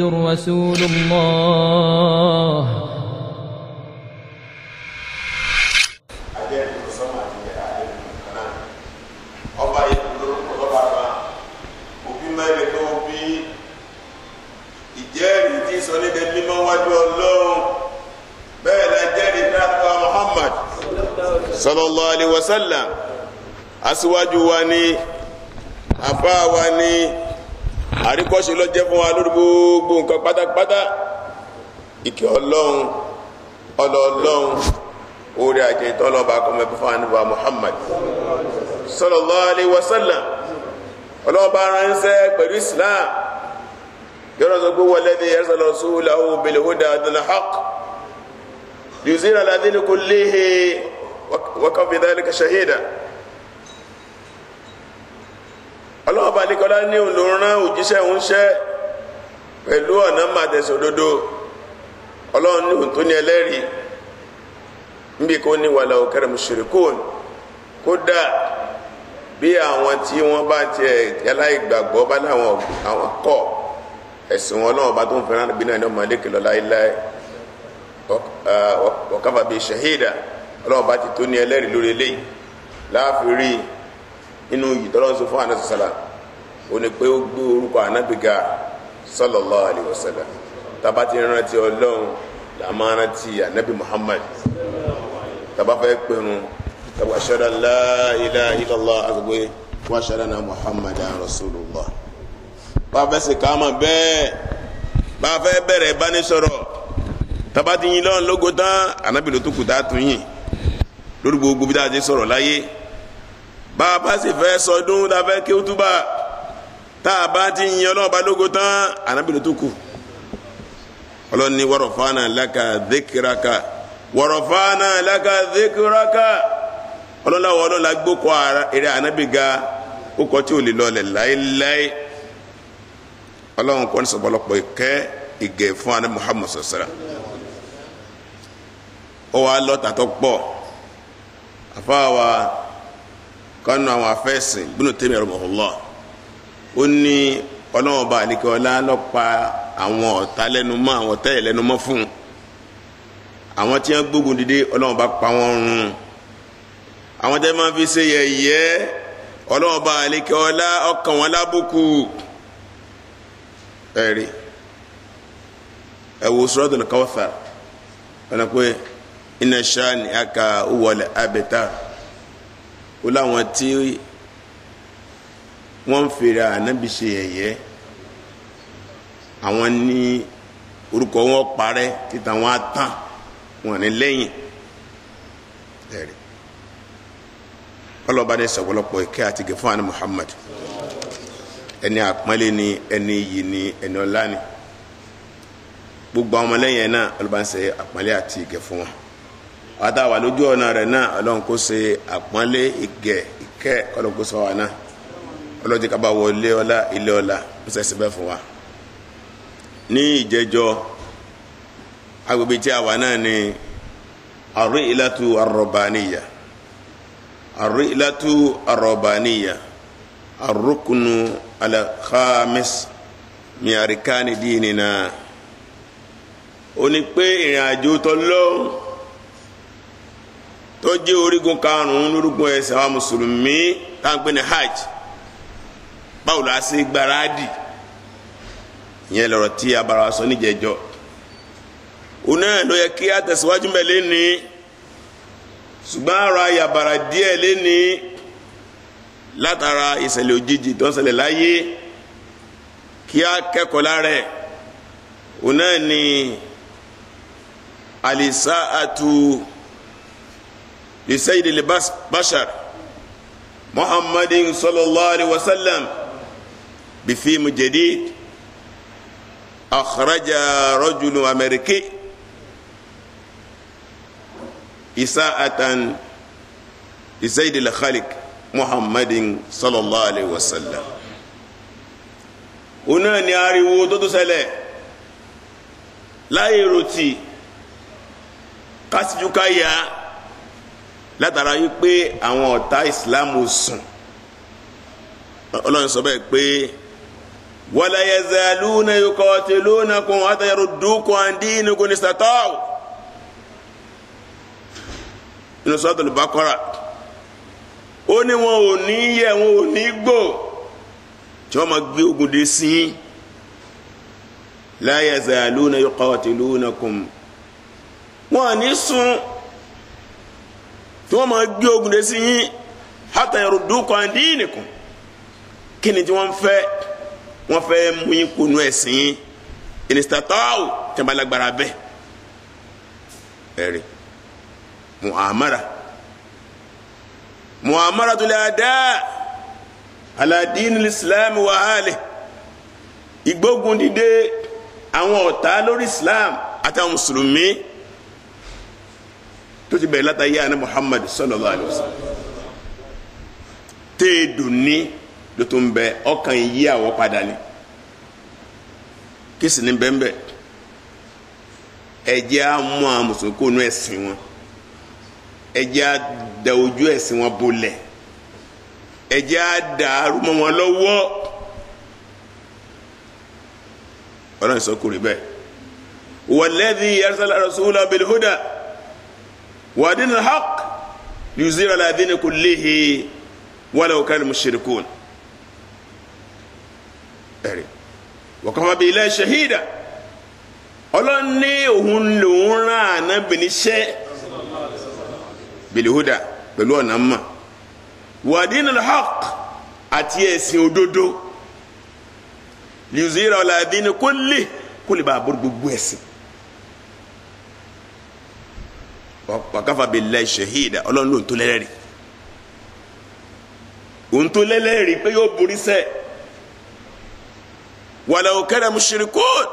محمد رسول الله sallallahu alaihi wasallam aṣíwájú wa ni afa wa ni àríkọ́ṣe ló jẹ́ fún wa lórí gbogbo nǹkan pátápátá ìkẹ́ ọlọ́run ọlọ ọlọ́run orí àjẹ ìtọ́lọ́ba kọ́mẹ́kọ́ fún àníbà Muhammad sallallahu alaihi wasallam ọlọ́ba ránṣẹ́ pẹ̀lú Islam yọ́nà sọ pé walladhi arsala rasulahu bil huda wa dinil haqq yuzhirahu ala dini kullihi wa kafa bi dhalika shahida. ọlọ́ọ̀bá nìkọ́lá ní òun òjíṣẹ́ òun ṣẹ́ pẹ̀lú ọ̀nà màdẹ̀sọ̀dodo ọlọ́run ní òun tó ní ẹlẹ́rìí níbi kó ní wàlà òkèrè mùsùlùkùn kódà bí àwọn tí wọ́n bá tiẹ̀ bá láwọn àwọn ẹ̀sìn wọn tó ń fẹ́ràn bí náà ní ọmọ ti tó inú yìí tọ́lọ́sọ fún àná sọ́sọ́lá ó ní pé ó gbé orúkọ ànábìgà sallallahu alaihi wasallam tàbá ti rántí ọlọ́run la máa rántí ànábì muhammad tàbá fẹ́ pinnu tàbá ashhadu an la ilaha illallah àgbẹ̀ wa ashhadu anna muhammadan rasulullah bá a fẹ́ sì ká mà bẹ́ẹ̀ bá a fẹ́ bẹ̀rẹ̀ ìbánisọ̀rọ̀ tàbá ti yin lọ́run lógo tán ànábì ló tó kù tún yìn lórí gbogbo bí dáa ti sọ̀rọ̀ láyé. bá a bá sì fẹ́ sọdún la kí ó túbà tá a bá ti yin ọlọ́run bá warofana tán ànábìlẹ̀ tó kù ọlọ́run ní laka dhikiraka wọ́rọ̀fánà laka dhikiraka ọlọ́run àwọn ọlọ́run la gbókọ̀ eré ànábìga ó kọ́ tí ò lè lọlẹ̀ láéláé ọlọ́run kọ́ ní ìgẹ̀ fún wa pọ̀ kánú àwọn afẹ́sìn bínú tẹ́mi rahimahullah ó ní ọlọ́wọ́n ọba àlekè ọlá lọ́pa àwọn ọ̀tá lẹ́numọ́ àwọn ọ̀tá yẹn lẹ́numọ́ fún un àwọn tí wọ́n gbógun pa àwọn fi ṣe ọba ọlá ọkàn o láwọn tí wọ́n ń fèrè ànábì ṣe àwọn ní orúkọ wọn parẹ́ títa wọn á tán wọn ní lẹ́yìn ẹ̀rí ọlọ́ba ní sọ̀pọ̀lọpọ̀ ìkẹ́ àti gẹ̀ fún Muhammad ẹni àpọ́nlé ni ẹni iyì ni ẹni ọlá gbogbo àwọn ọmọlẹ́yìn ẹ̀ náà ọlọ́ba ń àpọ́nlé àti àtàwà lójú ọ̀nà rẹ̀ náà ọlọ́run kó ṣe àpọ́nlé ìgẹ̀ ìkẹ́ ọlọ́run kó sọ wà náà ọlọ́jẹ́ ká bá wọlé ọlá ilé ọlá ó sẹ́sẹ́ bẹ́ẹ̀ fún wa ní ìjẹjọ agbègbè tí a wà náà ni àrùn ìlàtú àrọ̀bàníyà àrùn ìlàtú àrọ̀bàníyà àrùkùnù alakhamis miarikani dínínà ó ní pé ìrìn àjò tọ́lọ́run tó jẹ́ orígun karùn-ún lórúkọ ẹ̀sìn àwọn mùsùlùmí táwọn pè ní hajj báwo la ṣe gbáradì ìyẹn lọ̀rọ̀ tí a bára sọ níjẹ̀jọ́ òun náà ló yẹ kí a tẹ̀síwájú mẹ́ lẹ́ni ṣùgbọ́n ara yàbàrà díẹ̀ lẹ́ni látara ìṣẹ̀lẹ̀ òjijì tó ń ṣẹlẹ̀ láyé kí a kẹ́kọ̀ọ́ lára ẹ̀ ni alisa atu. لسيد البشر محمد صلى الله عليه وسلم بفيلم جديد أخرج رجل أمريكي إساءة لسيد الخالق محمد صلى الله عليه وسلم ona ni ariwo tó tó ṣẹlẹ̀ láyé látara yìí pé àwọn ọ̀tá ìsìláàmù sùn ọlọ́run sọ bẹ́ẹ̀ pé wala yazaluna yuqatilunakum hatta yaruddukum an dinikum istata'u nínú Suratul Baqara ó ní wọn ò ní yẹ̀ wọn ò ní gbò tí wọ́n máa gbé ogun dé sí i la yazaluna yuqatilunakum wọn ò ní sùn tí wọ́n máa gbé ogun de sí yín hata yaruddukum an dinikum kí ni tí wọ́n fẹ́ wọ́n fẹ́ mú yín kunu ẹ̀sìn yín in istata'u tẹ̀bálágbára bẹ́ẹ̀ ẹ̀rí mu'amara mu'amaratul ada' ala dinil islam wa ahlihi ìgbógun dìde àwọn ọ̀tá lórí islam àtàwọn mùsùlùmí. tó ti bẹ̀rẹ̀ látàyé àná Muhammad sallallahu alaihi wasallam téèdù ní ló ọkàn yí àwọ̀ padà ni kí sì ní bẹ́ńbẹ́ ẹ̀jẹ̀ mú àwọn mùsùlùmí nu wọn ẹ̀jẹ̀ da ojú ẹ̀sìn wọn bolẹ̀ ẹ̀jẹ̀ da arúmọ wọn lọ́wọ́ ọlọ́run sọ ودين الحق ليزير على دين كله ولو كان المشركون وكفى بالله شهيدا ọlọ́run ní òun lòun rán ànábì níṣẹ́ bilihuda pẹ̀lú ọ̀nà mọ̀ wàdínà haq àti ẹ̀sìn òdodo lìzíra ọ̀làdínà kó lè kó lè bá àbúrò gbogbo ẹ̀sìn wàkàfà billahi shahida ọlọ́run ló ń tó lẹ́lẹ́rìí òun tó lẹ́lẹ́rìí pé yóò borí sẹ́ walau kana mushrikun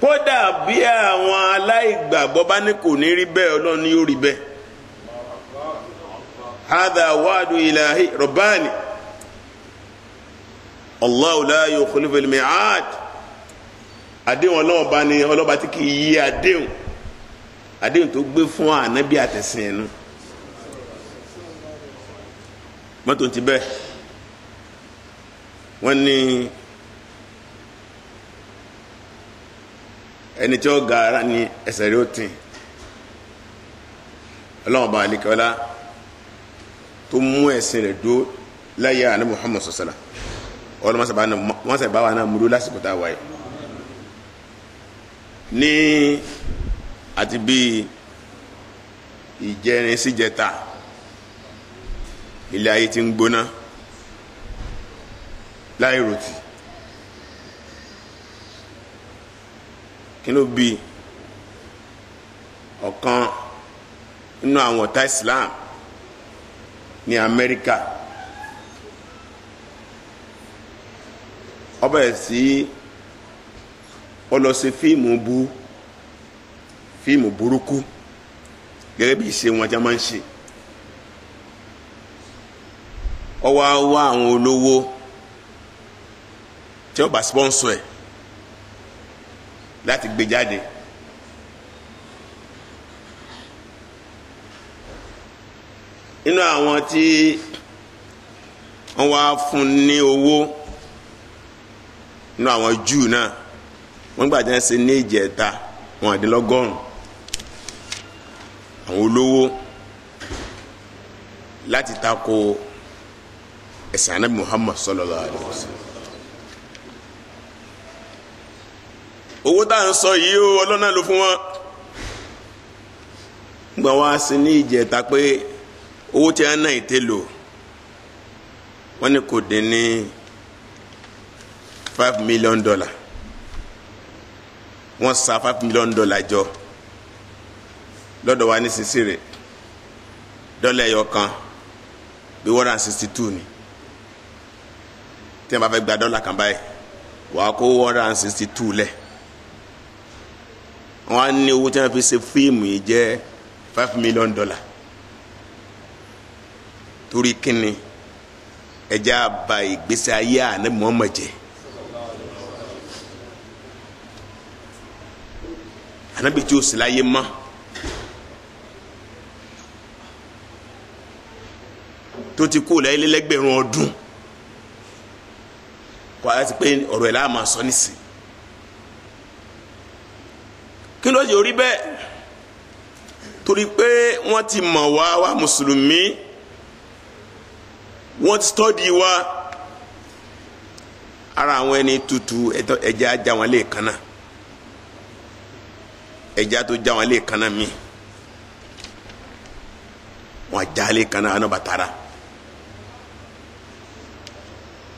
kódà bí àwọn aláìgbàgbọ́ bá ní kò ní rí bẹ́ẹ̀ ọlọ́run ni yóò rí bẹ́ẹ̀ hadha wa'du ilahi rabbani Allahu la yukhlifu al-mi'ad àdéhùn ọlọ́run bá ní ọlọ́ba tí kì í yí àdéhùn àdéhùn tó gbé fún ànábì àtẹ̀sìn ẹ̀nu mọ́tò ti bẹ́ẹ̀ wọ́n ní ẹni tí ó ga ara ní ẹsẹ̀ rí ó tì ọlọ́run ọba àlekọ́lá tó mú ẹ̀sìn rẹ̀ dúró láyé àná Muhammad sọ̀sọ̀lá ọlọ́mọsàbá wọn sàbáwá náà múlò lásìkò tá a wáyé ní àti bíi ìjẹrin síjẹta ilé ayé ti ń gbóná láì ròtì kí ló bí ọ̀kan nínú àwọn ọ̀tá Islam ní Amẹ́ríkà ọbẹ̀ sí ó lọ ṣe fíìmù bú. Si, fíìmù burúkú gẹ́gẹ́ bí ìṣe wọn jẹ́ máa ń ṣe ọwọ́ wá àwọn olówó tí ó bá sponsor ẹ̀ láti gbé jáde. nínú àwọn tí wọ́n wá fún ní owó nínú àwọn Júù náà wọ́n gbàdá ṣe ní ìjẹta wọn àdínlọ́gọ́rùn-ún àwọn olówó láti tako ẹ̀sìn anabi muhammad sallallahu alayhi wa sallam owó tá à ń sọ yìí ó ọlọ́nà ló fún wọn gbà wá sí ní ìjẹta pé owó tí a ná ìté lò wọ́n ní kò dín ní five million dollar wọ́n sa five million dollar jọ lọ́dọ̀ wa ní sisi rẹ̀ dọ́là ẹyọ kan bí one hundred and sixty two ni tí wọ́n bá fẹ́ gba dọ́là kan báyìí wàá kó one hundred sixty two lẹ̀ wọ́n á ní owó tí wọ́n fi ṣe fíìmù yìí jẹ́ five million dollar torí kíni ẹja ba ìgbésí ayé àná Muhammad jẹ́ ànábìtì òsì láyé mọ́. tó ti kú láyé lẹ́gbẹ̀rún ọdún kó a ti pé ọ̀rọ̀ ẹ̀ láà máa sọ nísìn kí ló yẹ orí bẹ́ẹ̀ torí pé wọ́n ti mọ̀ wá wá mùsùlùmí wọ́n ti tọ́di wá ara àwọn ẹni tutù ẹja ajá wọn lè ẹja tó já wọn lè mi wọn ajá lè kanna àná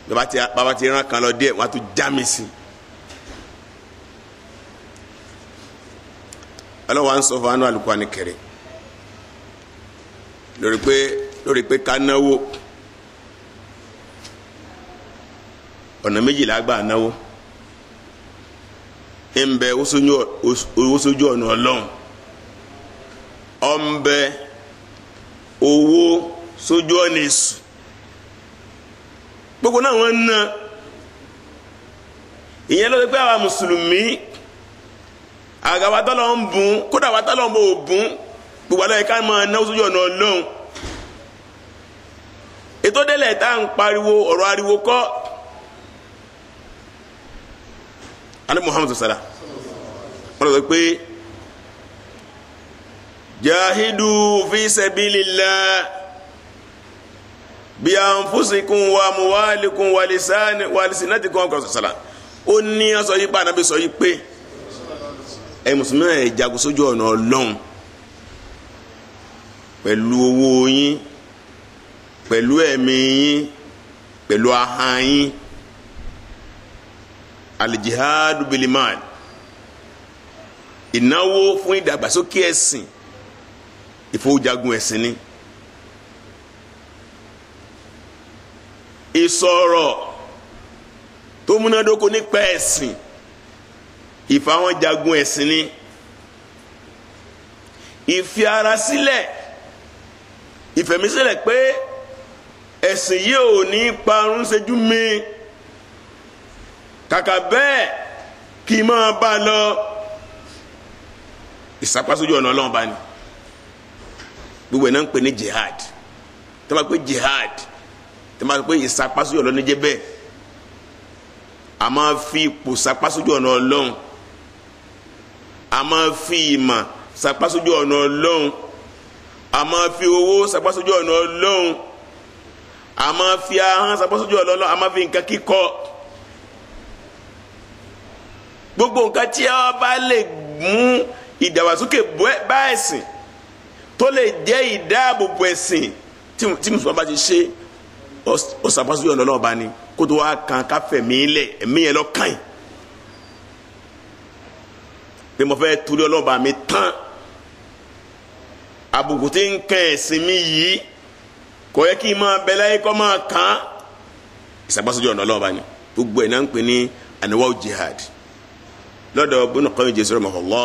bàbá ti rán kan lọ díẹ̀ wọ́n á tún já mi sí. ọlọ́wọ́ à ń sọ fún anú Al-Qur'ani kẹrẹ lórí pé lórí pé ká náwó ọ̀nà méjìlá gbà náwó owó sójú ọ̀nà Ọlọ́run gbogbo náà wọ́n ń ná ìyẹn ló ti pé àwa mùsùlùmí àgàwà tọ́lọ̀ ń bùn kódà àwa tọ́lọ̀ ń bò bùn gbogbo àlọ́ yìí ká máa náwó sójú ọ̀nà ọlọ́run ètò délẹ̀ tá à ń pariwo ọ̀rọ̀ ariwo kọ́ ani muhammadu sala wọ́n lọ pé jahidu fi sabilillah bí anfusikum wa muwalikum wa lisani wa lisinatikum wa kọsọsọla ó ní ọsọ yìí pa ànábi sọ yìí pé ẹ mùsùlùmí ẹ jagun sójú ọ̀nà ọlọ́run pẹ̀lú owó yín pẹ̀lú ẹ̀mí yín pẹ̀lú ahọ́n yín alijihadu biliman ìnáwó fún ìdàgbàsókè ẹ̀sìn ìfowójagun ẹ̀sìn ni. ìsọ̀rọ̀ tó múnádóko nípa ẹ̀sìn ìfàwọn jagun ẹ̀sìn ni ìfi ara sílẹ̀ ìfẹ̀mísílẹ̀ pé ẹ̀sìn yìí ò ní parun ṣẹ́jú mi kàkà bẹ́ẹ̀ kí n máa bá a lọ ìsapásójú ọ̀nà ọlọ́run bá ní gbogbo ẹ̀ náà ń pè ní jihad tó bá pé jihad tẹ máa sọ pé ìsapásójú ọlọ́ni jẹ́ bẹ́ẹ̀ a máa fi ipò sapásójú ọ̀nà ọlọ́run a máa fi ìmọ̀ sapásójú ọ̀nà ọlọ́run a máa fi owó sapásójú ọ̀nà ọlọ́run a máa fi ahọ́n sapásójú ọ̀nà ọlọ́run a máa fi nǹkan kíkọ gbogbo nǹkan tí a bá lè mú ìdàgbàsókè bá ẹ̀sìn tó lè jẹ́ ìdáàbòbò ẹ̀sìn tí mùsùlùmí bá ti ṣe ọ̀sàpásù yọ̀ǹda ọlọ́ọ̀ba ni kó tó wá kan káfẹ̀mí lẹ̀ ẹ̀mí yẹn lọ́kàn yìí pé mo fẹ́ torí ọlọ́ọ̀ba mi tán àbùkù tí ń kàn ẹ̀sìn mi yìí kò yẹ kí n máa bẹ láyé kọ́ máa kàn án ìsàpásù yọ̀ǹda ọlọ́ọ̀ba ni gbogbo ẹ̀ náà ń pè ní àníwá jihad lọ́dọ̀ bọ́nà kan yìí jésù rẹ̀ mọ̀kànlá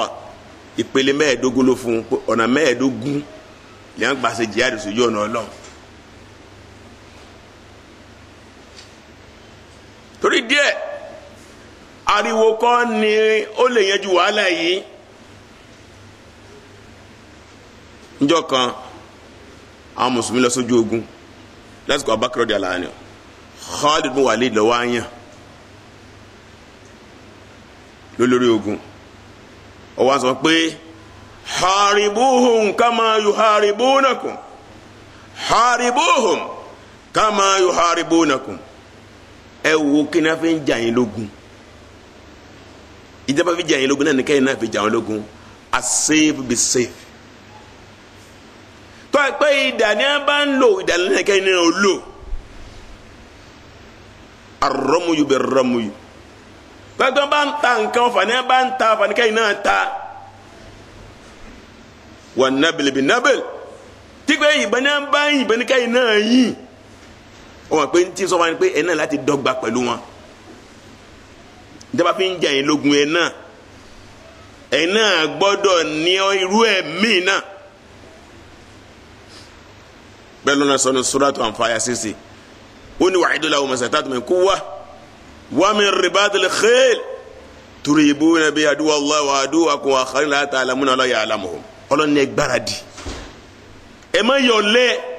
ìpele mẹ́ẹ̀ẹ́dógún ló fún ọ̀nà mẹ́ẹ̀ẹ́dógún lẹ́yìn gbàṣẹ jihad sójú ọ̀nà ọlọ́run torí díẹ̀ ariwo kọ́ ni ó lè yanjú wàhálà yìí njọ́ kan àwọn mùsùlùmí lọ sójú ogun lásìkò abakar ọdí alaani Khalid bin Walid lọ́wọ́ àyàn lólórí ogun ó wá sọ pé haribuhum kama yuharibunakum haribuhum kama yuharibunakum ẹ wo kí náà fi ń jà yín lógun ìjọba fi jà yín lógun náà ní náà fi jà wọn lógun a save be safe tọ́ ẹ pé ìdá ni a bá ń lò ìdá ni a kẹ́yìn náà ó lò arọ́muyù bẹ rọ́muyù gbàgbọ́n bá ń ta nǹkan fani bá ń ta fani kẹ́yìn náà ta wà nábìlì bí nábìlì tí pé ìbọn bá ń yìnbọn ní náà yìn wọn pé ní tí sọ wọn ni pé ẹ náà láti dọ́gba pẹ̀lú wọn ìjọba fi ń jẹ ìlógun ẹ náà ẹ náà gbọ́dọ̀ ní irú ẹ̀ míì náà bẹ́ẹ̀ lọ́nà sọ́nù suratu Anfal sísè ó ní wàhídó làwọn masatatu min quwwa wa min ribatil khayl turibuna bi aduwallahi wa aduwakum wa akharina la ta'lamuna la ya'lamuhum ọlọ́ni ẹ gbáradì ẹ má yọ̀ lẹ́ẹ̀.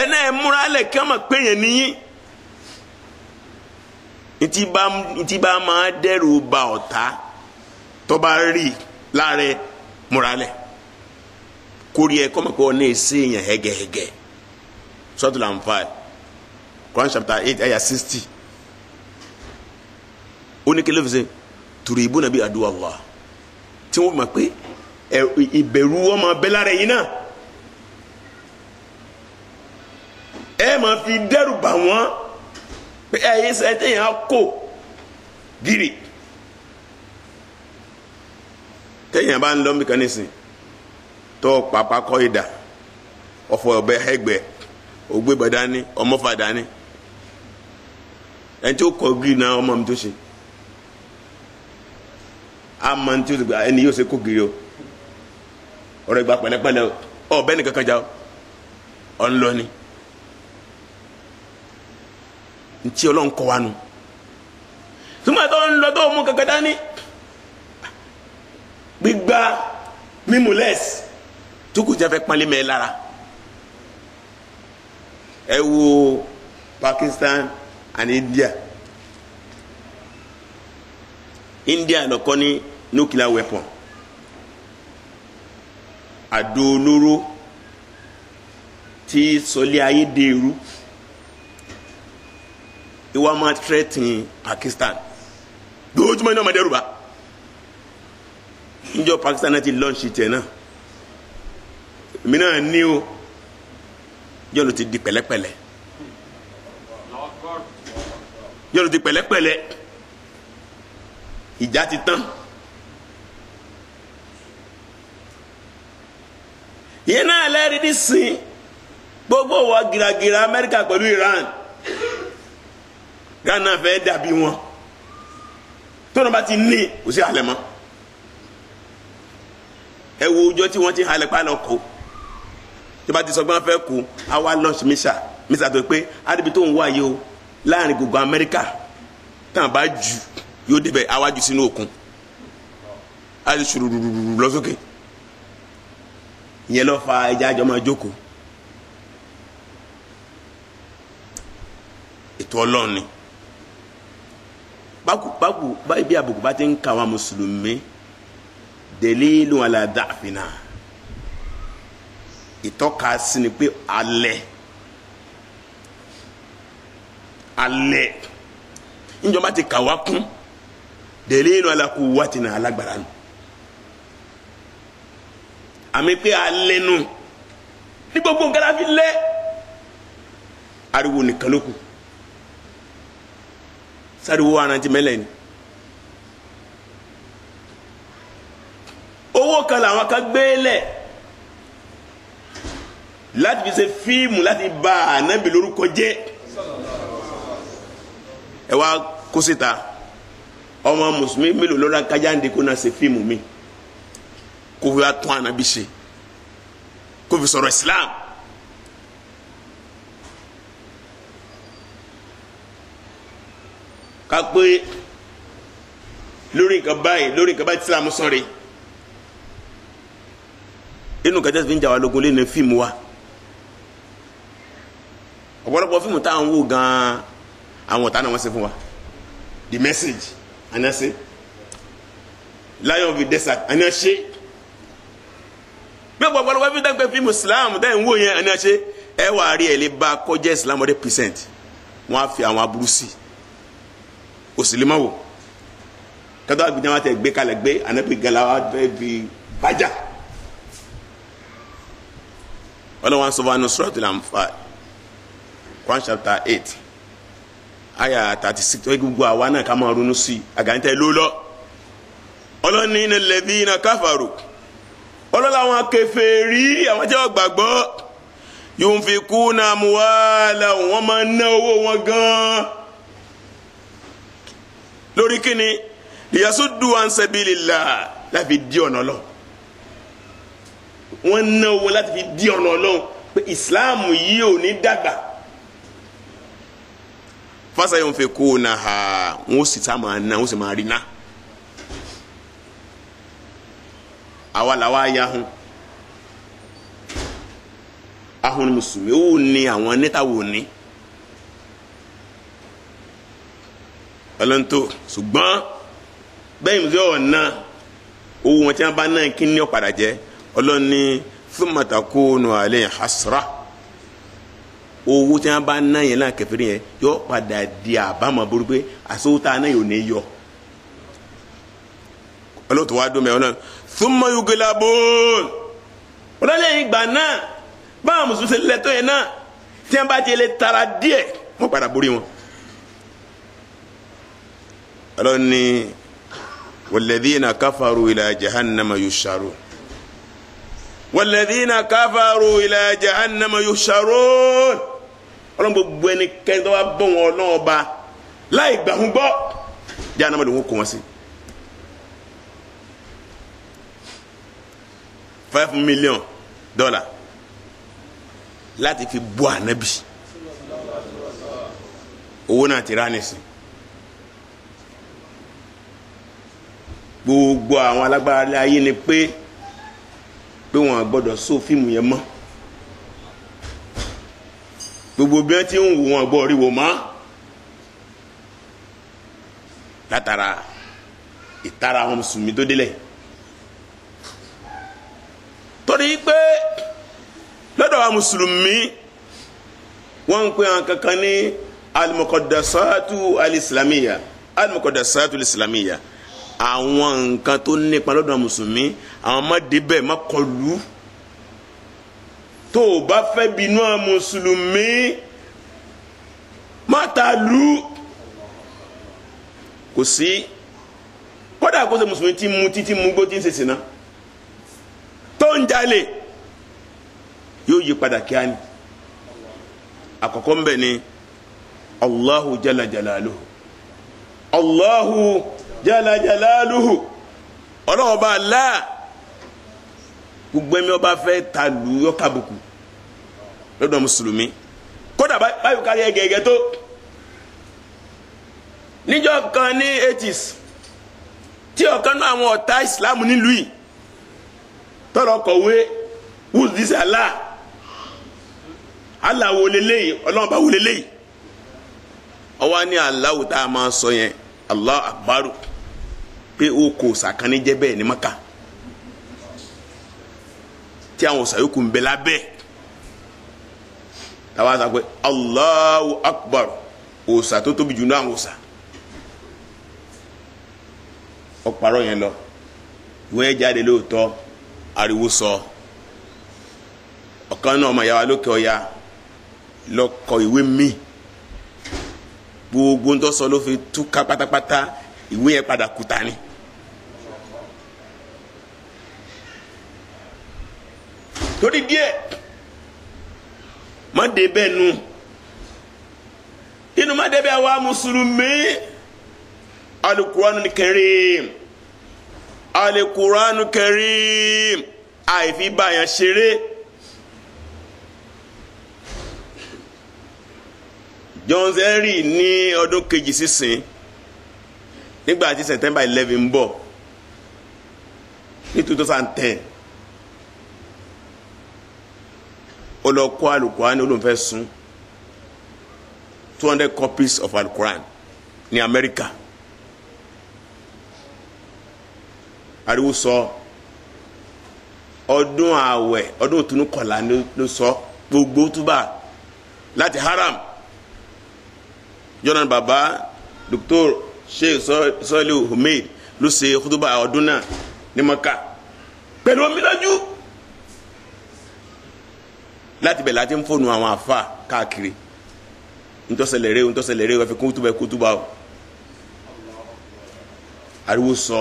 ẹ náà ẹ múra lẹ̀ kí wọ́n mọ̀ pé yẹn níyì ntí bá máa ba ọ̀tá tó bá rí lára múra lẹ̀ kórì ẹ kọ́ mọ̀ pé ọ̀nà èsì yẹn hẹ́gẹ́hẹ́gẹ́ sọ́tùlà ń fa nàbí ẹ máa fi dẹ́rù bà wọ́n pé ẹ̀yin sẹ́ téèyàn kò gírì téèyàn bá ń lọ nbìkan nísìn tó pàpà kọ́ ìdà ọ̀fọ̀ ọ̀bẹ ẹgbẹ́ dání ọmọfà dání ẹni kọ gírì náà ọmọ mi tó ṣe a máa ń tí ó ti gbà ẹni yóò ṣe kó gírì o ọ̀rọ̀ ìgbà pẹ̀lẹ́pẹ̀lẹ́ já ntí ọlọ́run kọ́ wa nu túmọ̀ tó ń lọ tó mú kankan dání gbígba mímú lẹ́s tukù jẹ́ fẹ́ pọ́nlé mẹ́ lára ẹ wo Pakistan and India India lọ́kọ́ ní nuclear weapon àdó olóró tí sọlé ayé dèrú ìwà máa tẹ́tìn Pakistan lójúmọ́ iná ọmọdé rúbà níjọ Pakistan náà ti lọ́ọ̀ṣì tẹ̀ náà èmi náà ní o yọ̀lù ti di pẹ̀lẹ́pẹ̀lẹ́ yọ̀lù ti pẹ̀lẹ́pẹ̀lẹ́ ìjà ti tán. yìí náà lẹ́rìí ní sìn gbogbo wa gìràgìrà Amẹ́ríkà pẹ̀lú Iran. Ghana fẹ́ dàbí wọn tọ́nà bá ti ní kò sí halẹ̀ mọ́ ẹ wo ọjọ́ tí wọ́n ti halẹ̀ pa lọ kó tí bá ti sọ pé wọ́n fẹ́ kó awa lunch misa misa tó pé adibi tó ń wáyé o láàrin gbogbo Amẹ́ríkà tàn bá jù yóò débẹ̀ awa jù sínú òkun a ti sùrù lọ sókè lọ fa ẹja àjọ máa jókòó ètò Ọlọ́run ni bákùbákù báyìí bí àbùkù bá ti ń ka àwọn mùsùlùmí dẹ̀lílù aládà àfinà ìtọ́ka sí ni pé alẹ́ alẹ́ níjọba ti kà wá kún dẹ̀lílù alákù wá ti nà alágbára nù àmì pé alẹ́ nù ní gbogbo nǹkan láfi lẹ́ ariwo nìkan ló kù sáriwo aranti mẹ́lẹ̀ ni. owó kan làwọn kan gbé lẹ̀ láti fi ṣe fíìmù láti bà ànábì lórúkọ jẹ́ ẹ wá kó síta ọmọ mùsùlùmí mélòó lọ́ra kájáǹde kó náà ṣe fíìmù mi kó fi wá tún ànábì ṣe kó fi sọ̀rọ̀ Islam. ká pé lórí nǹkan báyìí lórí nǹkan báyìí tí islam sọ̀rọ̀ inú kẹtẹ́sì fi ń jà lógun lé ní fíìmù wa ọ̀pọ̀lọpọ̀ fíìmù táwọn wò gan-an àwọn ọ̀tá náà wọ́n ṣe fún wa the message anase lion of the desert anase bí ọ̀pọ̀lọpọ̀ fíìmù táwọn pè fíìmù islam dẹ́ ń wò yẹn anase ẹ wà á rí ẹ̀ lè ba kọjá islam hundred percent wọ́n á fi àwọn aburú sí i òsìlímọ̀ wò kátó àgbèjà wọn tẹ gbé kalẹ̀ gbé anabi galawa bẹ́ẹ̀ bi bàjá ọlọ́wọ́n sọ fún anu suratul Anfal Quran chapter eight aya thirty six wọ́n gbogbo àwa náà ká máa ronú sí i àgàntẹ́ ló lọ ọlọ́ni ní lẹ́bínà káfàrò ọlọ́la àwọn tí wọ́n gbàgbọ́ yunfikuna amwala wọ́n máa ná owó wọn gan lórí kíni liyasuddu an sabilillah láti fi di ọ̀nà lọ wọ́n ná owó láti fi di ọ̀nà lọ pé ìsìláàmù yìí ò ní dàgbà fasayunfikuna ha wọ́n sì sá máa ná wọ́n sì máa rí ná àwa làwa yá hun ahun mùsùlùmí ó ní àwọn nítawò ní. ọlọ́ntò ṣùgbọ́n bẹ́ẹ̀ ní ọ̀rọ̀ náà owó wọn tí wọ́n bá náà kí ni ọ̀padà jẹ́ ọlọ́ni thumma takunu alayhi hasra owó tí wọ́n bá náà yẹn náà kẹfìrí yẹn yọ padà di àbámọ̀ burú pé àsòwòtá náà yóò ní yọ ọlọ́tò wa dùn mẹ́ ọlọ́ni thumma yughlabun ọlọ́lẹ̀ ìgbà náà báwọn mùsùlùmí lẹ́tọ́ yẹn náà tí wọ́n bá ti lè tara díẹ̀ wọ́n padà borí wọn ọlọ́run ní walladhina kafaru ila jahannama yusharu walladhina kafaru ila jahannama yusharu ọlọ́run gbogbo ẹnikẹ́ni tó bá bọ̀ wọn náà ba láì gbàhùn gbọ́ jahannama ló ń kó wọn sí. five million dollar láti fi bọ́ ànábì owó náà ti rá nísìnyí. gbogbo àwọn alágbára ilé ayé ni pé pé wọn gbọ́dọ̀ sọ fíìmù yẹn mọ́ gbogbo bí wọn ti ń wò wọn gbọ́ ríwo mọ́ látara ìtara àwọn mùsùlùmí tó délẹ̀ torí pé lọ́dọ̀ àwọn mùsùlùmí wọ́n ń pè àwọn kankan ní alimọ̀kọ̀dàsáàtù alìsìlámìyà alimọ̀kọ̀dàsáàtù alìsìlámìyà. Al àwọn nǹkan tó nípa lọ́dọ̀ mùsùlùmí àwọn má débẹ̀ má kọlù tó o bá fẹ́ bínú àwọn mùsùlùmí má ta lù kò sí kódà kó ṣe mùsùlùmí ti mu títí mu gbó tí ń sèse náà tó ń jalè yóò yí padà kíá ni àkọ́kọ́ ń bẹ̀ ni Allahu jala jalaluhu Allahu. jala jalaluhu ọlọ́run ọba Allah gbogbo ẹ̀mí ọba fẹ́ ta lù yọ kábùkù lọ́dọ̀ mùsùlùmí kódà báyìí kárí tó níjọ kan ní eighties tí ọ̀kan náà àwọn ọta ìsìláàmù nílùú yìí tọrọ kọ̀wé who's this Allah ala wo leléyìí wo leléyìí ọwọ́ sọ yẹn Allah pé o kò sàkánní jẹ bẹ́ẹ̀ ní maka tí àwọn sàyókù ń bẹ lábẹ́ táwa sọ pé Allahu Akbar òòsà tó tóbi jù ní àwọn òòsà parọ́ yẹn lọ ìwé jáde lóòótọ́ ariwo sọ ọmọ ìyàwó alókè lọkọ mi gbogbo ń tọ́ sọ ló fi túká pátápátá torí díẹ̀ má dé bẹ́ẹ̀ nu inú má dé bẹ́ẹ̀ wá mùsùlùmí alukuraanu karim alukuraanu karim àìfi báyàn ṣeré John Henry ní ọdún kejì sísìn nígbà tí September eleven ń bọ̀ ní two thousand ten. ó lọ kó alukurani olóhùn sun two hundred copies of alukurani ní amẹ́ríkà ariwo sọ ọdún ààwẹ̀ ọdún òtún kọ̀lá ló sọ gbogbo túbà láti haram jọ́nà bàbá Dr. Sheikh sọ́ọ́lì Humaid ló ṣe kútúbà ọdún náà ní maka pẹ̀lú omi lójú láti bẹ̀ láti ń fóònù àwọn àfa káàkiri ntọ́sẹ̀lẹ̀ rẹ ntọ́sẹ̀lẹ̀ rẹ wọ́n fi kútùbà kútùbà o ariwo sọ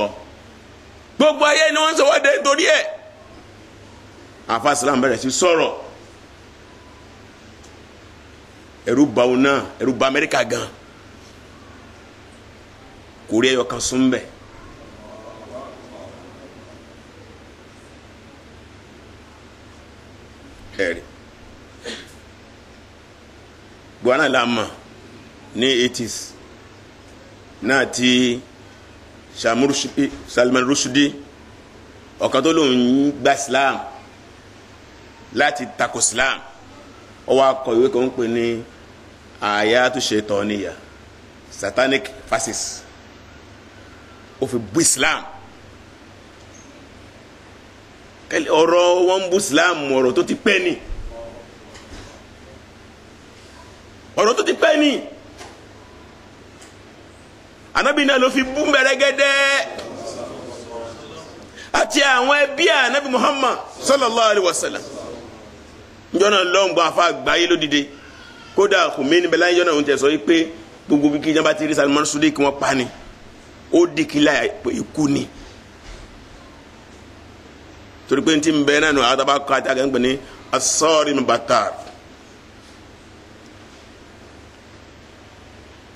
gbogbo ayé ni wọ́n sọ wọ́n dé nítorí ẹ̀ àfa islam bẹ̀rẹ̀ sí sọ̀rọ̀ ẹ̀rù bà òun náà ẹ̀rù bà amẹ́ríkà gan kò rí ẹyọ kan sún bẹ́ẹ̀. ẹ̀rí gbogbo náà la mọ̀ ní 80 náà ti Salman Rushdie ọ̀kan tó lòun gba Islam láti tako Islam ó wá kọ ìwé kan ń pè ní Ayatu Shaytaniya satanic verses ó fi bú Islam ọ̀rọ̀ wọn bú Islam ọ̀rọ̀ tó ti pẹ́ ni. ọ̀rọ̀ tó ti pẹ́ ni anabi náà ló fi bú mẹrẹgẹdẹ àti àwọn ẹbí anabi muhammad sallallahu alayhi wa sallam njọ́nà lọ́ngbọ́n afa àgbáyé lódìde kódà Khomeini bẹ́lá njọ́nà òun tẹ̀ sọ pé gbogbo bí kí ti rí Salman Sude kí wọ́n pa ni ó di kila ikú ni torí pé n ti bẹ́ẹ̀ náà nù àtàbà kọ́ àti àgàǹgbẹ̀ ni asọ́ọ̀rì nù bàtà.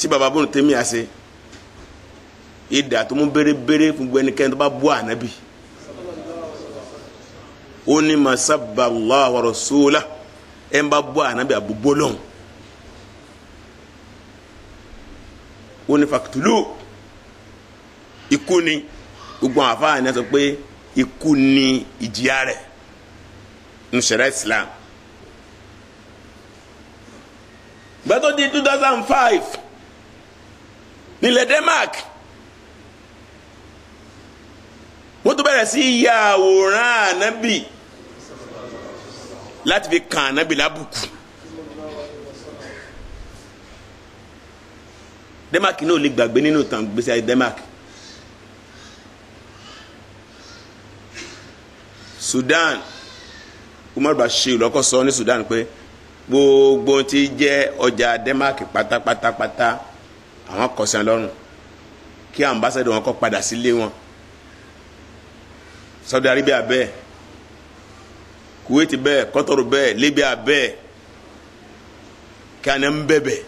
tí baba bọ́ọ̀nù tẹ́mi àṣẹ ìdá tó mú bérebére fún gbogbo ẹnikẹ́ni tó bá bú ànábì ó ní masaba Allah wa rasula ẹ̀ ń bá bú ànábì àbúgbó lọ́hùn ó ní fàkìtúlù ikú ni gbogbo àwọn afáàní sọ pé ikú ni ìjìyà rẹ̀ ní Islam gbẹ́tọ́ di two thousand five nílẹ̀ Denmark wọ́n tó bẹ̀rẹ̀ sí ya àwòrán ànábì láti fi kan ànábì lábùkù Denmark náà lè gbàgbé nínú ìtàn gbèsè ayé Denmark Sudan Umar Bashir lọkọ sọ ní Sudan pé gbogbo ti jẹ ọjà Denmark pátápátápátá. Pata, pata, pata àwọn kọsán lọ́rùn kí ambassadọ̀ wọn kó padà sílé wọn Saudi Arabia bẹ́ẹ̀ Kuwait bẹ́ẹ̀ kọ́tọ̀rù bẹ́ẹ̀ Libya bẹ́ẹ̀ kí àná ń bẹ̀bẹ̀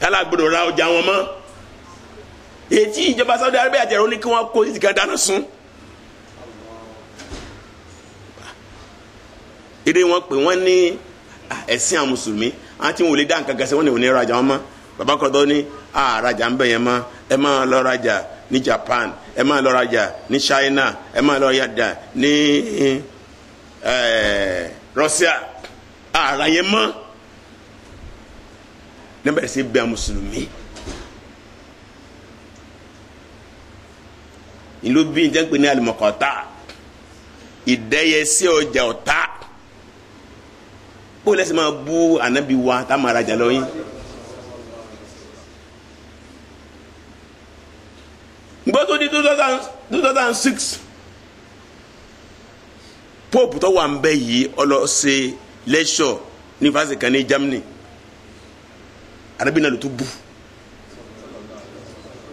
kálá gbọdọ̀ ra ọjà wọn mọ́ ètí ìjọba Saudi Arabia jẹ̀rọ ní kí wọ́n kó ìdìgá dáná sun eré wọn pè wọ́n ní ah, ẹ̀sìn àwọn mùsùlùmí àti wọn ò lè dá nǹkan gàṣẹ́ wọn ní òní rajà wọn mọ́ baba kọrọdọ ni a rajà ń bẹ yẹn ma ẹ máa lọ rajà ní Japan ẹ máa lọ rajà ní China ẹ máa lọ rajà ní ẹẹ Russia a ra yẹn mọ́ ne bẹ̀rẹ̀ sí bẹ mùsùlùmí ìlú bíi jẹ́ pé ní alimọ̀kọ́ta ìdẹ́yẹsí ọjà ọ̀tá bó lẹ́sìn máa bú anabi wa tá a máa rajà lọ́yìn. gbọ́ tó 2006, two thousand and six pope tó wà ń bẹ yìí ọlọ ṣe lẹ́ṣọ̀ ní fásitì kan ní Germany arábìnrin náà ló tún bù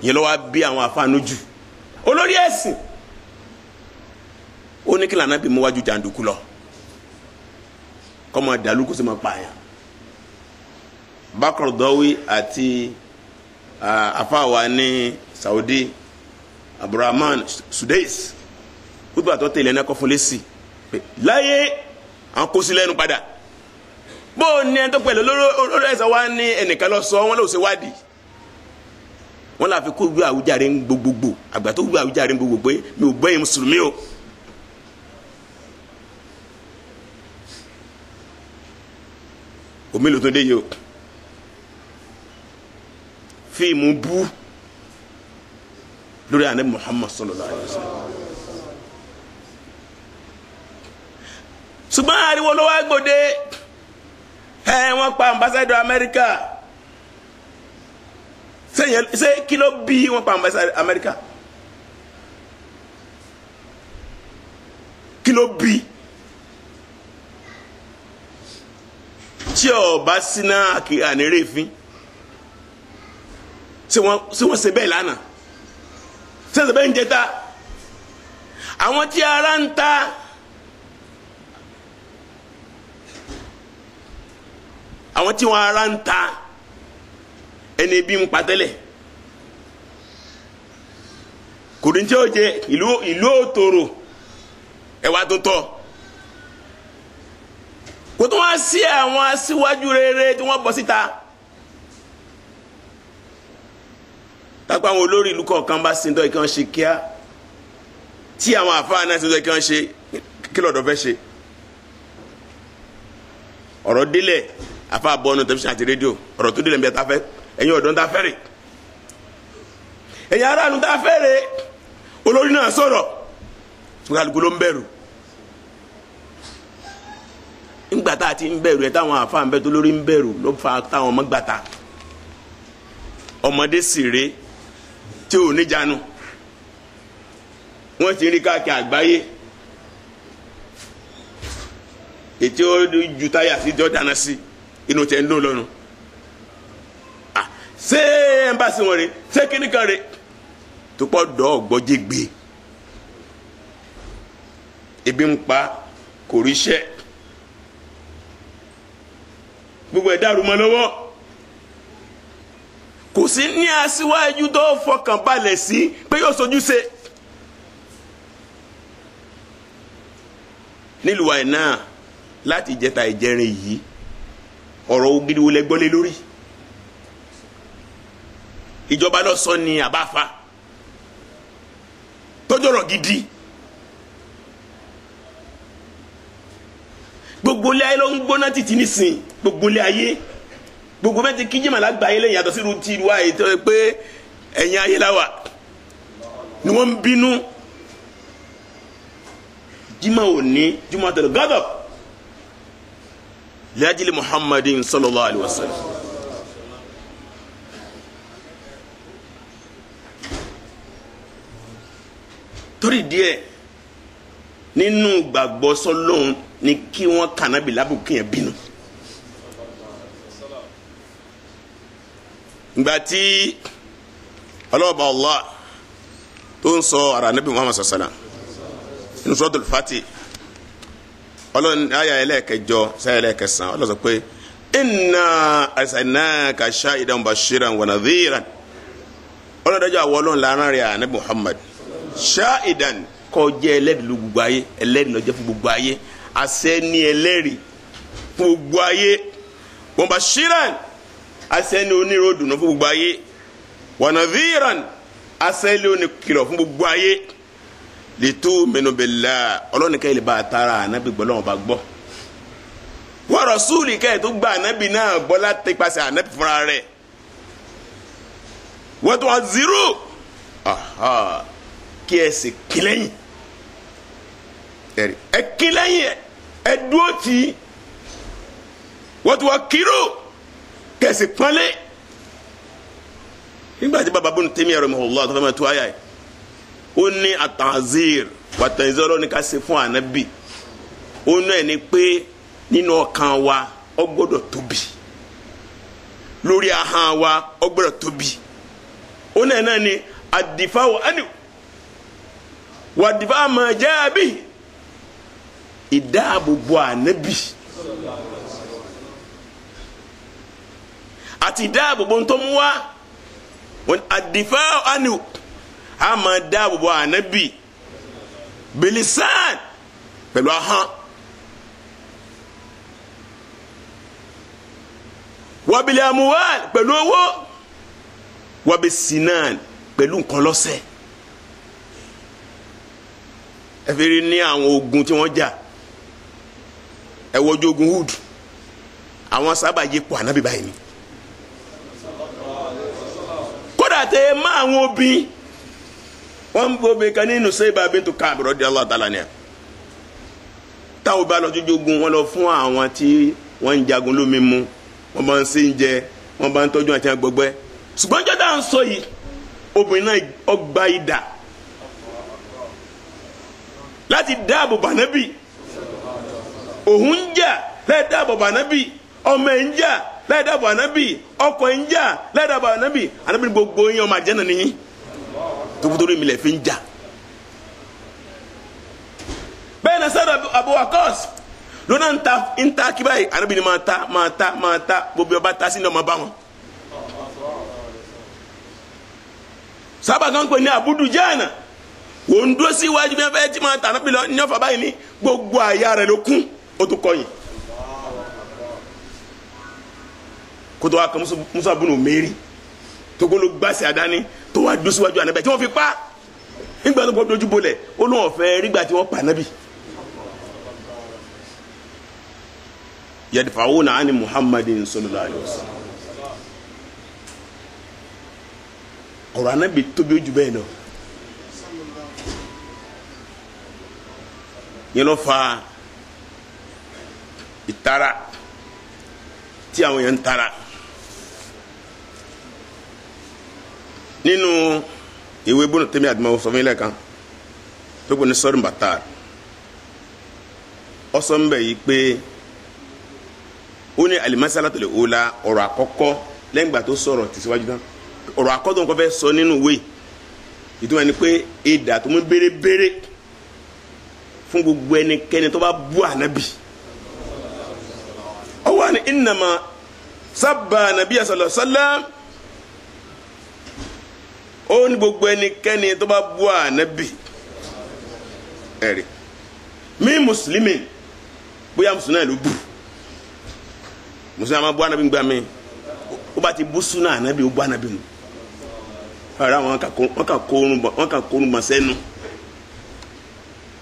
yẹn lọ́wọ́ bí àwọn afáànú jù olórí ẹ̀sìn ó ní kí bí mo wájú jàǹdùkú lọ kọ́ dàlú kó sì máa pààyàn bákọ̀rọ̀ dọ́wí àti afáwa ní Saudi abdulrahman sudais kútùbà tó tẹ̀lé ẹni akọ́fún lẹ́sì láyé àwọn kó sí lẹ́nu padà bó o ní ẹni tó pẹ̀lú olórí ẹ̀sán wa ní ẹnìkan lọ sọ wọn lè ṣe wádìí wọn là fi kó gbé àwùjáre ń gbogbogbò àgbà tó gbé àwùjáre ń gbogbogbò pé mi ò gbẹ́yìn mùsùlùmí o. omi ló tún dé yìí o fíìmù bú lórí àná Muhammad sallallahu alayhi wa sallam. ṣùgbọ́n ariwo ló wá gbòde ẹ wọ́n pa ambassador Amẹ́ríkà ṣé kí ló bí wọ́n pa ambassador Amẹ́ríkà kí ló bí tí ọba sínú àkìrànírèéfín ṣé wọ́n ṣe bẹ́ẹ̀ lánàá sẹ́sẹ̀ bẹ́ẹ̀ ń jẹ ta àwọn tí ara ń ta àwọn tí wọn ara ń ta ẹni bí ń patẹ́lẹ̀ kòrìntì òjè ìlú ìlú òtòrò ẹwà tó tọ kò tó wá sí àwọn aṣíwájú rere tí wọ́n bọ́ síta. Si kápá àwọn olórí ìlú kọ̀ọ̀kan bá sin dọ́ ìkan ṣe kíá tí àwọn àfáà náà sin dọ́ ìkan ṣe kí lọ́dọ̀ fẹ́ ṣe ọ̀rọ̀ délẹ̀ àfáà bọ́ọ̀nù tẹlifíṣàn àti rédíò ọ̀rọ̀ tó délẹ̀ ń bẹ tá a fẹ́ ẹ̀yin ọ̀dọ́ ń ta fẹ́rẹ̀ ẹ̀yin aráàlú ta fẹ́rẹ̀ olórí náà sọ̀rọ̀ sùkàlùkù ló ń bẹ̀rù ńgbà tá a ẹ̀ táwọn àfáà ń bẹ tó lórí ń ló fa táwọn ọmọ gbàtà ọmọdé sì rèé tí ò ní janu wọ́n ti rí káàkiri àgbáyé ètò ju táyà sí jọ dáná sí inú tẹ̀ ń dún lọ́nu ṣé ẹ̀ńbàṣì wọn rè ṣé kíní kan rè tó pọ̀ dọ́ ọ̀gbọ́jì gbé ebi ń pa kò ríṣẹ́ gbogbo ẹ̀ dàrú mọ́ lọ́wọ́ kò sí ní aṣíwájú tó fọkàn balẹ̀ sí pé yóò sojú ṣe. nílùú wa náà láti ìjẹta ìjẹrin yìí ọ̀rọ̀ ògidì wo lẹ gbọ́lé lórí ìjọba lọ sọ ni àbáfa tọjọrọ gidi gbogbo ilé ayé ló ń gbóná títí nísìn gbogbo ilé ayé gbogbo bẹ́ẹ̀ ti kí jìmọ̀ lágbàáyé lẹ́yìn yàtọ̀ sí irú tí ìlú ààyè tó yẹ pé ẹ̀yìn ayé la wà ni wọ́n ń bínú jimá òní jimá tẹ̀lé gádọ̀ lẹ́yàjìlẹ̀ muhammadin sallallahu alayhi wa sallam. torí díẹ̀ nínú gbàgbọ́ sọlọ́hún ni kí wọ́n kànábìlà bùkún yẹn bínú. ngbàtí ọlọ́ọ̀bà Allah tó ń sọ ara nabi muhammad sassana inú suratul fati ọlọ́ọ̀ni ayà ẹlẹ́ẹ̀kẹjọ sáyà ẹlẹ́ẹ̀kẹsàn ọlọ́ọ̀sọ pé inna arsalnaka shahidan bashiran wa nadhiran ọlọ́dọ́jọ́ àwọn ọlọ́run lára rẹ̀ ànábì muhammad shahidan kó jẹ́ ẹlẹ́rìí ló gbogbo ayé ẹlẹ́rìí ló fún gbogbo ayé àṣẹ ní ẹlẹ́rìí fún gbogbo ayé wa bashiran asẹ́ni onírodùnú fún gbogbo ayé wọ̀nàdíran asẹ́ni oníkìlọ̀ fún gbogbo ayé lẹ́tọ́ mẹnubẹ̀lá ọlọ́nìkẹ́ ilé bá a tara ànábì gbọ́ lọ́wọ́ bá gbọ́ wọ́n rọ̀súùlì kẹ́ ẹ̀ tó gba ànábì náà gbọ́ láti pàṣẹ ànábì fúnra rẹ̀ wọ́n zero kí ẹ sì kí ẹ kí ẹ dúró tì í wọ́n kírò kẹsì pọ́nlé nígbà tí bàbá bọ́nu tẹ́mi ẹ̀rọ mọ̀hún lọ́wọ́ àtọ́fẹ́ máa tó àyà yìí ó ní àtàzír wàtàzír ọlọ́ni ká ṣe fún ànábì ó náà ẹni pé nínú ọkàn wa ó gbọ́dọ̀ tóbi lórí ahọ́n wa ó gbọ́dọ̀ tóbi ó náà náà ni àdìfáwọ̀ ánìwò wàdìfáwọ̀ máa jẹ́ àbí ìdáàbòbò ànábì. àti dáàbòbò tó mú wá àdìfá ànú a máa dáàbòbò ànábì bilisan pẹ̀lú ahọ́n. wabili amuwal pẹ̀lú owó wabi sinan pẹ̀lú nǹkan lọ́sẹ̀ ẹ fi rí ní àwọn ogun tí wọ́n jà ẹ ogun hood àwọn sábà yípo ànábì báyìí ni kódà tẹ ẹ má àwọn obìnrin wọn ń bomi kan nínú sèbà bintu Ka'b radiyallahu ta'ala anha táwọn bá lọ jójogun wọn lọ fún àwọn tí wọn ń jagun lómi mu wọn bá ń ṣe ń jẹ wọn bá ń tọ́jú àti agbọgbẹ ṣùgbọ́n jọ́dá ń sọ yìí obìnrin náà ọgbà idà láti dáàbò bànábì òun ń jà láti dáàbò bànábì ọmọ ẹ̀ ń jà láìdàbọ̀ ànábì ọkọ̀ ń jà láìdàbọ̀ ànábì ànábì ní gbogbo yín ọmọ àjẹ́nà nìyí tókùtòrò ìmìlẹ̀ fi ń jà. bẹ́ẹ̀ náà sọ́dọ̀ Abu Waqqas lónà ń ta ń ta kí báyìí ànábì ní máa ta máa ta máa ta gbogbo ọba ta sí ní ọmọ bá wọn. sábà kan pè ní abudu jáàna òun dúró síwájú bí wọn fẹ́ẹ́ ti máa ta ànábì lọ ní ọ̀fà báyìí ní gbogbo àyà rẹ̀ ló kún ó tún kọyìn. kótó wa kan musa bunu mẹ́rin togolo gbàsẹ̀ àdáni tó wá dùn síwájú ànábì tí wọ́n fi pa nígbà tó kọ́ dojú bolẹ̀ ó lóun ọ̀fẹ́ rígbà tí wọ́n pa ànábì. yadfawo na ani muhammadin sallallahu alaihi wasallam ọ̀rọ̀ ànábì tóbi ojú bẹ́ẹ̀ lọ. yẹn fa ìtara tí àwọn yẹn ń tara. nínú ìwé Ibn Taymiyyah àti mọ̀wọ́ kan tó pè ní sọ́rùn bàtà ọ sọ ń bẹ̀ yìí pé ó ní al-mas'alatu al-ula ọ̀rọ̀ àkọ́kọ́ lẹ́yìn ìgbà tó sọ̀rọ̀ tẹ̀síwájú tán ọ̀rọ̀ àkọ́kọ́ tó fẹ́ sọ nínú ìwé ìtumọ̀ ni pé ìdà tó mú bérebére fún gbogbo ẹnikẹ́ni tó bá bú ànábì ọwọ́ ni innama sabba nabiyya sallallahu alaihi ó ní gbogbo ẹnikẹ́ni tó bá bú ànábì ẹ̀rí mí mùsùlùmí bóyá mùsùlùmí náà ló bù mùsùlùmí àmọ́ bú ànábì gbà mí ó bá ti bú súnà ànábì ó bú ànábì mu ara wọn kà kó wọn kà kó orun mọ sẹ́nu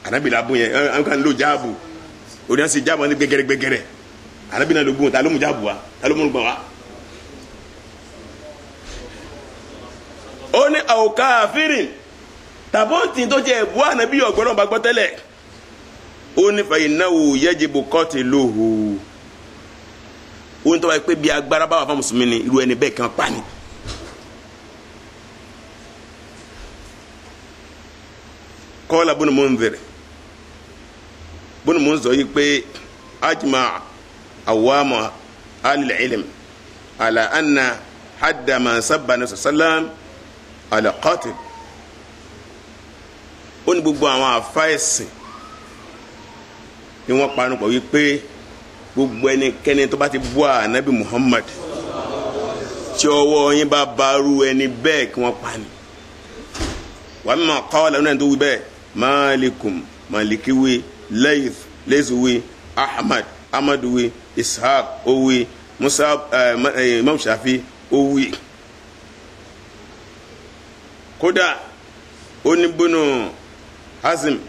ànábì la bú yẹn àwọn kan ló jáàbù orí sì jáàbù wọn ní gbẹgẹrẹ gbẹgẹrẹ ànábì náà ló bú wọn ta ló mú jáàbù wa ta ló mú gbà wa. ó ní àwòká àfírìn tàbóǹtì tó jẹ́ ẹ̀bú ànábì ọ̀gbọ́n bá gbọ́ tẹ́lẹ̀ ó ní fàyínáwó yẹ́jìbò kọ́ọ̀tì lóhu ó ní tọ́wọ́ pé bí agbára bá wà fún mùsùlùmí ni irú ẹni bẹ́ẹ̀ kan pa ni. kọ́lá bónú mò yìí pé ajma awaamu alil ilm ala anna hadda man sabba nasu alaqatil ó ní gbogbo àwọn àfa ẹ̀sìn ni wọ́n panupọ̀ wípé gbogbo ẹnikẹ́ni tó bá ti bú ànábì Muhammad tí ọwọ́ yín bá barú ẹni bẹ́ẹ̀ kí wọ́n pa ni wàá mímọ kọ́ọ̀lá ní ẹni tó wí bẹ́ẹ̀ malikum malikiwe layth laythwe ahmad ahmadwe ishaq owe musa eh, eh, imam shafi owe kódà ó ní bónú Hazim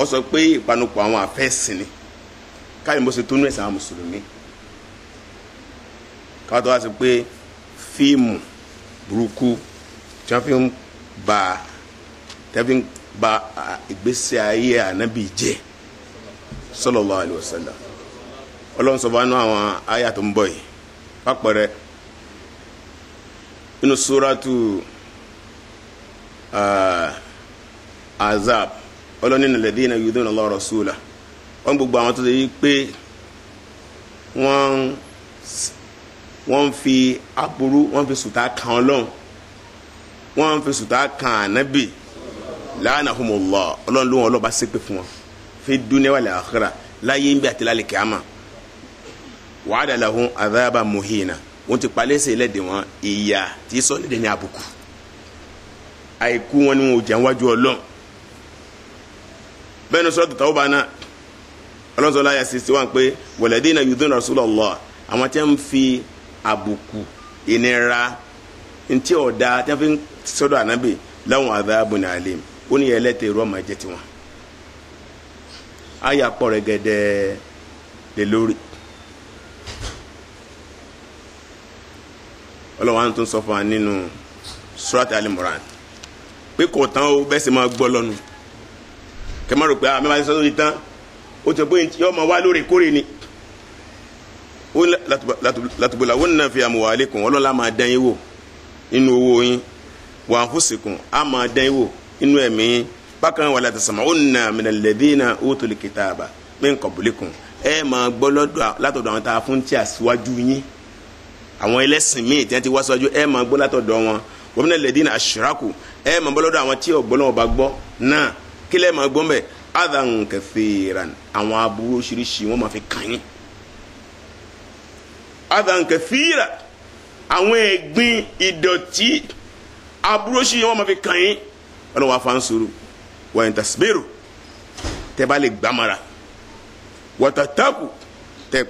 ó sọ pé ìpanupọ̀ àwọn àfẹ́sìn ni káyọ̀ bó ṣe tó nú ẹ̀sìn àwọn mùsùlùmí káwọn tó wá sí pé fíìmù burúkú tí wọ́n fi ń ba tí wọ́n fi ń ba ìgbésí ayé ànábì jẹ́ sallallahu alaihi wasallam ọlọ́run sọ̀bọ̀ nínú àwọn àyà tó ń bọ̀ yìí pápẹ́rẹ́ inú súrátù. Uh, azab ọlọ́ni nàlẹ́dí iná yudó sùúlà wọ́n gbogbo àwọn tó yí pé wọ́n fi aburú wọ́n fi sùtá kan ọlọ́run wọ́n fi sùtá kan ànábì fi láyé ń bẹ àti lálẹ́ kíámà muhina wọn ti palẹ́sẹ̀ lẹ́dẹ̀ wọn tí àìkú wọn ni wọn ò jẹ́ wájú ọlọ́run bẹ́ẹ̀ ni sọ́dọ̀ sisi wá pé walladhina yudhuna rasulullah àwọn tí wọ́n fi àbùkù ìnira ntí ọ̀dà tí wọ́n fi sọ́dọ̀ ànábì láwọn adhabun alim ó ní ẹlẹ́tẹ̀ irú ọmọ ẹ̀jẹ̀ tiwọn. àyà pọ̀ rẹ̀ gẹ́dẹ́ lè lórí. ọlọ́run wa tún sọ fún wa nínú surat pé kò tán o bẹ́ẹ̀ sì máa gbọ́ lọ́nu kẹ má rò pé àmì ah, máa sọ sórí tán ó ti pé yọ máa wá lóòrèkóòrè ni ó látùbọ̀là wọn nà fi àmùwà àlékún ọlọ́lá máa dán yín wò nínú owó yín wà á fún sìnkún á máa dán yín wò nínú ẹ̀mí yín bákan wà láti sàmà ó nà mìnà lẹ́dínà ó tó lè kìtà àbá mí ń kọ̀bùlẹ̀kùn ẹ máa gbọ́ látọ̀dọ̀ àwọn tá a fún tí a síwájú yín àwọn ẹlẹ́sìn míì tí wọ́n ti wá síwájú ẹ máa gbọ́ látọ̀dọ̀ wọn wa mina alladhina ashraku ẹ máa bọ́ lọ́dọ̀ àwọn tí ọ̀gbọ́n ọba gbọ́ náà kílẹ̀ máa gbọ́ mbẹ́ adhan kathiran àwọn aburú oríṣiríṣi wọ́n máa fi kàn yín adhan kathiran àwọn ẹ̀gbin ìdọ̀tí aburú oríṣiríṣi wọ́n máa fi kàn yín wọn wá fa ń sòrò wa in tasbiru tẹ́ bá lè gbàmàrà wa tattaqu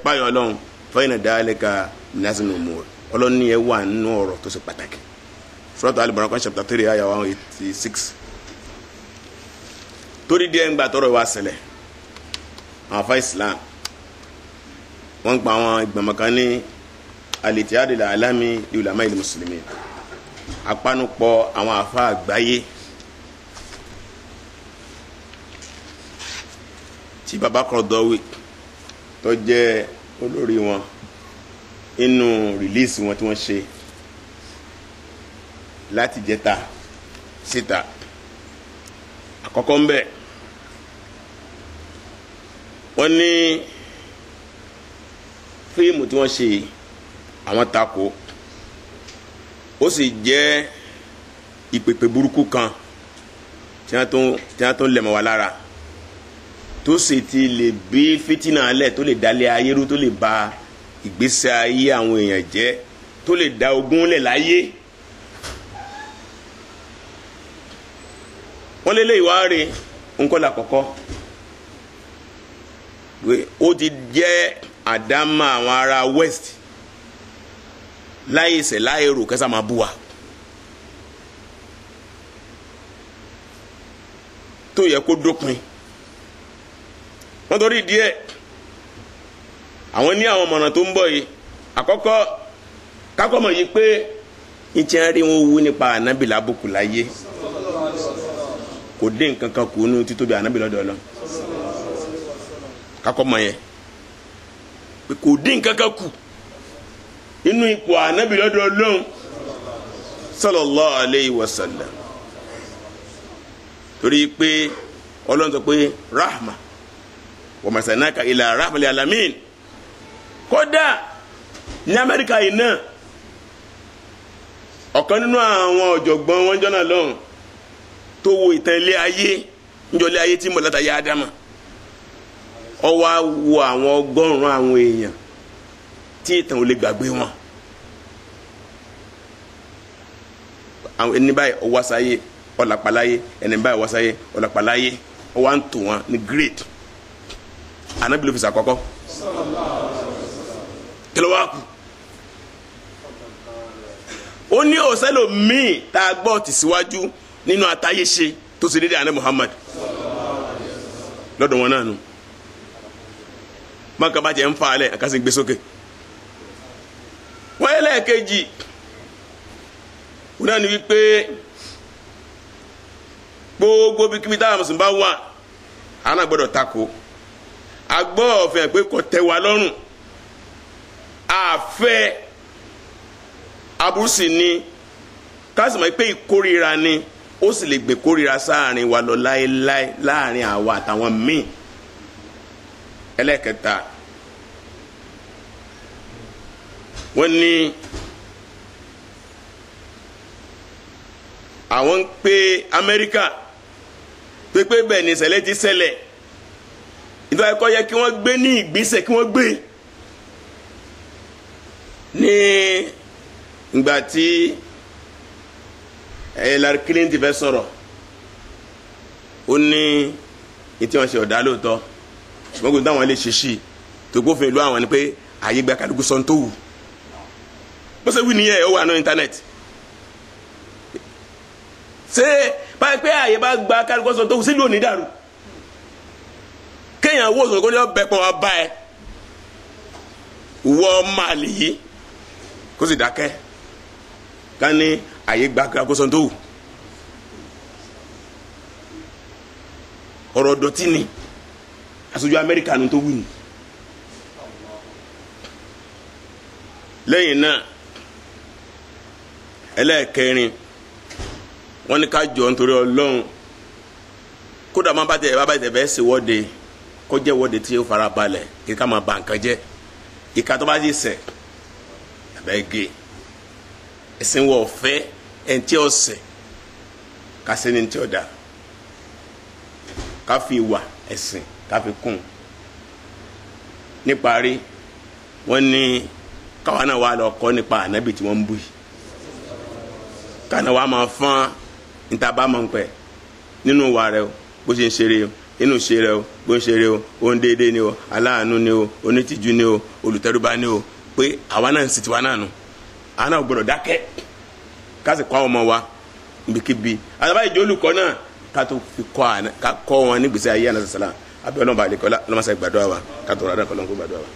páyọ̀ ọlọ́run fa inna dhalika min ọlọ́ni ẹ̀ wà nínú ọ̀rọ̀ tó ṣe pàtàkì. Surat Al-Imran chapter three ayah one eighty six torí díẹ̀ ń gbà tọrọ ìwà ṣẹlẹ̀ àwọn afa Islam wọ́n gba àwọn ìgbìmọ̀ kan ní al-ittihad al-alami li ulama al-muslimin apanupọ̀ àwọn afa àgbáyé tí baba Qaradawi tó jẹ́ olórí wọn inú rìlíìsì wọn tí wọ́n ṣe láti jẹta síta àkọ́kọ́ ń bẹ̀ wọ́n ní fíìmù tí wọ́n ṣe àwọn tako ó sì jẹ́ ìpèpè burúkú kan tí wọ́n tó ń lẹ̀mọ̀ wá lára tó sì ti lè bí fìtínà alẹ̀ tó lè dalẹ̀ ayérú tó lè ba ìgbésí ayé àwọn èèyàn jẹ́ tó lè da ogún lẹ̀ láyé. La wọ́n lé léyìí wáá rè nkọ́lá ó ti jẹ́ àdámà àwọn ará west láyé ìsẹ̀ láyé rò kẹsà máa bú wa. tó yẹ kó dópin wọ́n torí díẹ̀ àwọn ní àwọn ọmọràn tó ń bọ̀ yìí àkọ́kọ́ kákọ́mọ̀ yìí pé ìtìyàn rí wọn kò dé nǹkan kan kù nù títóbi ànábì lọ́dọ̀ Ọlọ́run kakọ mọ yẹn pé kò dín kankan kù inú ipò ànábì lọ́dọ̀ Ọlọ́run sallallahu alayhi wa sallam torí pé Ọlọ́run sọ pé rahma wa masanaka ila rahma li alamin kódà ní Amẹ́ríkà yìí náà ọ̀kan nínú àwọn ọ̀jọ̀gbọ́n wọn jọ́nà lọ́hùn tó wo ìtàn ilé ayé njọlé ayé tí mo látàyè ádámà ó wá wo àwọn ọgọ́rùn-ún àwọn èèyàn tí ìtàn ò lè gbàgbé wọn àwọn ẹni báyìí ó wá ẹni báyìí ó wá sáyé ó ń tò wọn ní grade Ànábì ló fi sàkọ́kọ́ ó ní òsèlò míì tá a gbọ́ tì nínú àtàyè se tó ṣe déédéé àná Muhammad lọ́dọ̀ wọn náà nù mọ́kà bá jẹ́ ń fa alẹ́ àkàsí gbé sókè wọ́n wọn náà wípé gbogbo bí kíbi táwọn mùsùlùmí bá wà àná gbọ́dọ̀ takò ni kásìmọ̀ pé ìkórira ni. ó sì lè gbìn kórìíra sáàrin wa lọ láéláé láàrin àwa àtàwọn míì ẹlẹ́kẹta wọ́n ní àwọn ń pè amẹ́ríkà pépé bẹ́ẹ̀ ni ìṣẹ̀lẹ̀ ti ṣẹlẹ̀ ìtọ́ ẹ̀kọ́ yẹ kí wọ́n gbé ní ìgbésẹ̀ kí wọ́n gbé ní ìgbà tí ẹ̀ẹ́dàrí kelen ti fẹ́ sọ̀rọ̀ ó ní ìtí wọn ṣe ọ̀dà lóòótọ́ ṣùgbọ́n táwọn lè ṣe sí i tó gbófin ìlú àwọn ni pé àyè gba kálukú sọ tó wù bó ṣe wí nìyẹn ó wà ní íńtánẹ́ẹ̀tì ṣé báyìí pé àyè bá gba kálukú sọ tó wù sílùú onídàrú kéèyàn wò sọ̀rọ̀ kó ní ọbẹ̀ pọ̀ wá bá ẹ wọ́ máa lè yí kó sì dákẹ́ ká ní àyè gba akóso tó wù ọ̀rọ̀ dọ̀tí ni aṣojú amẹ́ríkà nu tó wù ní. lẹ́yìn náà ẹlẹ́ẹ̀kẹrin wọ́n ní ká jọ nítorí ọlọ́run kódà má bàtẹ bá bàtẹ bẹ́ẹ̀ ṣe wọ́de kó jẹ́ wọ́de tí yóò fara balẹ̀ kí ká máa bà nǹkan jẹ́ ìka tó bá ti sẹ̀ ẹ̀ bẹ́ẹ̀ gé e. ẹ̀sìn wọ ọ̀fẹ́ ẹ̀ǹtí ọ̀sẹ̀ kase ní ti ọ̀dà káfí ìwà ẹ̀sìn káfí kùn níparí wọ́n ní káwa náà wà lọ kọ́ nípa ànábì tí wọ́n ń bù yìí káwa wà máa nínú wa rẹ o bó ṣe ń o inú ṣe o bó ń o òun ni o aláàánú ni o onítìjú ni o olùtẹrúbá ni o pé àwa náà ń sìtìwá No àná gbọ́dọ̀ dákẹ́ ká sì kọ́ ọmọ wa níbikíbi àtàbá ìjọ olùkọ́ náà ká tó fi kọ́ àná ká kọ́ wọn nígbèsè ayé àná sàlám abẹ́ ọlọ́mọba àlekọ́lá ọlọ́mọsà gbàdúrà wa ká tó rà dákọ́ ọlọ́mọkó gbàdúrà